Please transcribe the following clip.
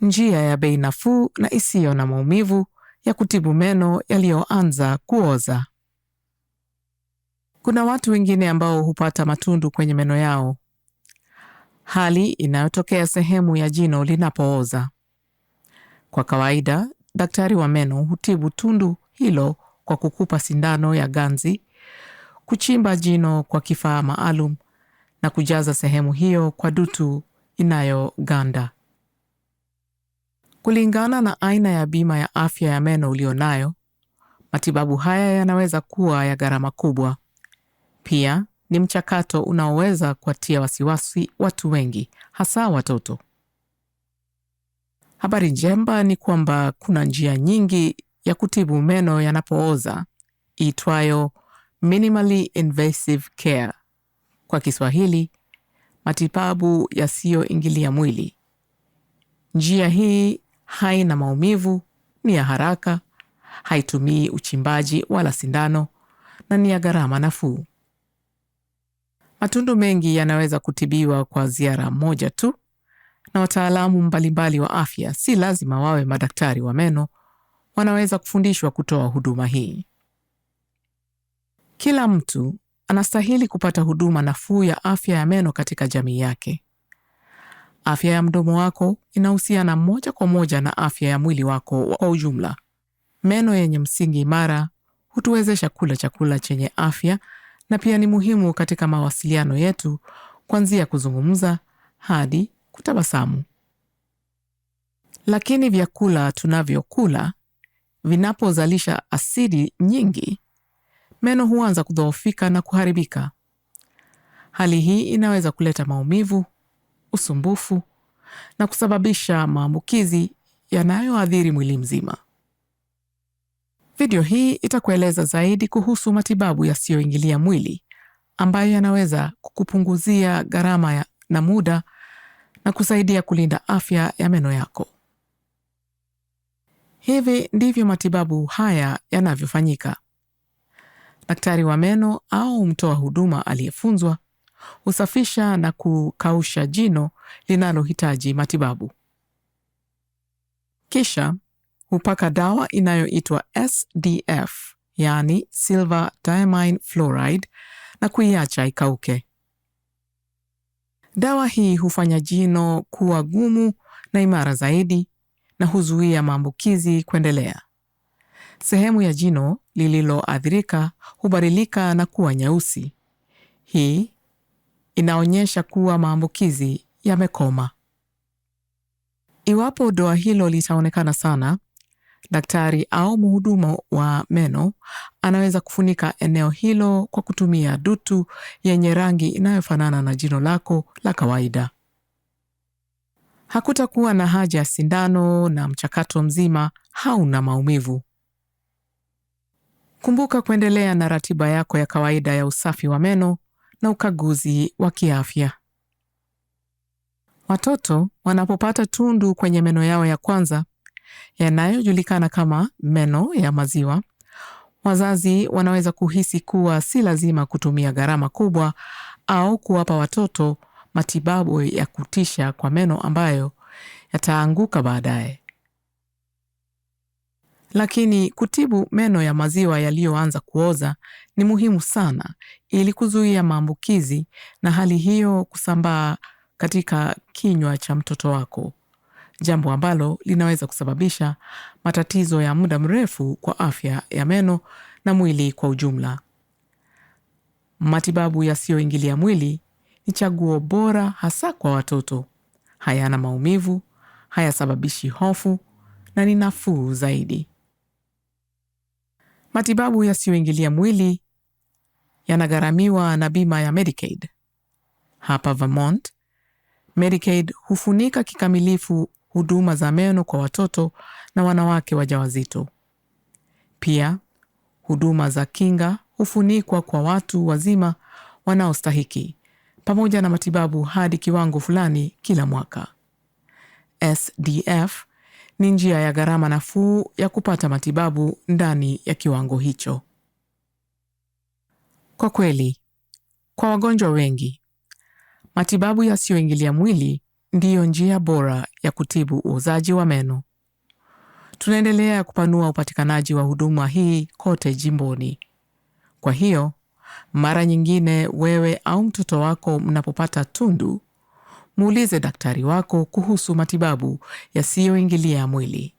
njia ya bei nafuu na isiyo na maumivu ya kutibu meno yaliyoanza kuoza. Kuna watu wengine ambao hupata matundu kwenye meno yao, hali inayotokea sehemu ya jino linapooza. Kwa kawaida, daktari wa meno hutibu tundu hilo kwa kukupa sindano ya ganzi, kuchimba jino kwa kifaa maalum na kujaza sehemu hiyo kwa dutu inayoganda. Kulingana na aina ya bima ya afya ya meno ulionayo, matibabu haya yanaweza kuwa ya gharama kubwa. Pia ni mchakato unaoweza kuwatia wasiwasi watu wengi, hasa watoto. Habari njema ni kwamba kuna njia nyingi ya kutibu meno yanapooza iitwayo minimally invasive care, kwa Kiswahili matibabu yasiyoingilia mwili. Njia hii haina maumivu, ni ya haraka, haitumii uchimbaji wala sindano na ni ya gharama nafuu. Matundu mengi yanaweza kutibiwa kwa ziara moja tu, na wataalamu mbalimbali wa afya, si lazima wawe madaktari wa meno, wanaweza kufundishwa kutoa huduma hii. Kila mtu anastahili kupata huduma nafuu ya afya ya meno katika jamii yake. Afya ya mdomo wako inahusiana moja kwa moja na afya ya mwili wako kwa ujumla. Meno yenye msingi imara hutuwezesha kula chakula chenye afya na pia ni muhimu katika mawasiliano yetu, kuanzia kuzungumza hadi kutabasamu. Lakini vyakula tunavyokula vinapozalisha asidi nyingi, meno huanza kudhoofika na kuharibika. Hali hii inaweza kuleta maumivu, usumbufu na kusababisha maambukizi yanayoathiri mwili mzima. Video hii itakueleza zaidi kuhusu matibabu yasiyoingilia mwili ambayo yanaweza kukupunguzia gharama ya na muda na kusaidia kulinda afya ya meno yako. Hivi ndivyo matibabu haya yanavyofanyika. Daktari wa meno au mtoa huduma aliyefunzwa husafisha na kukausha jino linalohitaji matibabu. Kisha hupaka dawa inayoitwa SDF, yani silver diamine fluoride, na kuiacha ikauke. Dawa hii hufanya jino kuwa gumu na imara zaidi na huzuia maambukizi kuendelea. Sehemu ya jino lililoathirika hubadilika na kuwa nyeusi. Hii inaonyesha kuwa maambukizi yamekoma. Iwapo doa hilo litaonekana sana, daktari au mhudumu wa meno anaweza kufunika eneo hilo kwa kutumia dutu yenye rangi inayofanana na jino lako la kawaida. Hakutakuwa na haja ya sindano na mchakato mzima hauna maumivu. Kumbuka kuendelea na ratiba yako ya kawaida ya usafi wa meno na ukaguzi wa kiafya. Watoto wanapopata tundu kwenye meno yao ya kwanza yanayojulikana kama meno ya maziwa, wazazi wanaweza kuhisi kuwa si lazima kutumia gharama kubwa au kuwapa watoto matibabu ya kutisha kwa meno ambayo yataanguka baadaye. Lakini kutibu meno ya maziwa yaliyoanza kuoza ni muhimu sana ili kuzuia maambukizi na hali hiyo kusambaa katika kinywa cha mtoto wako, jambo ambalo linaweza kusababisha matatizo ya muda mrefu kwa afya ya meno na mwili kwa ujumla. Matibabu yasiyoingilia mwili ni chaguo bora hasa kwa watoto. Hayana maumivu, hayasababishi hofu na ni nafuu zaidi. Matibabu yasiyoingilia mwili yanagharamiwa na bima ya Medicaid. Hapa Vermont, Medicaid hufunika kikamilifu huduma za meno kwa watoto na wanawake wajawazito. Pia huduma za kinga hufunikwa kwa watu wazima wanaostahiki pamoja na matibabu hadi kiwango fulani kila mwaka. SDF ni njia ya gharama nafuu ya kupata matibabu ndani ya kiwango hicho. Kwa kweli, kwa wagonjwa wengi, matibabu yasiyoingilia mwili ndiyo njia bora ya kutibu uozaji wa meno. Tunaendelea kupanua upatikanaji wa huduma hii kote jimboni. Kwa hiyo, mara nyingine wewe au mtoto wako mnapopata tundu muulize daktari wako kuhusu matibabu yasiyoingilia mwili.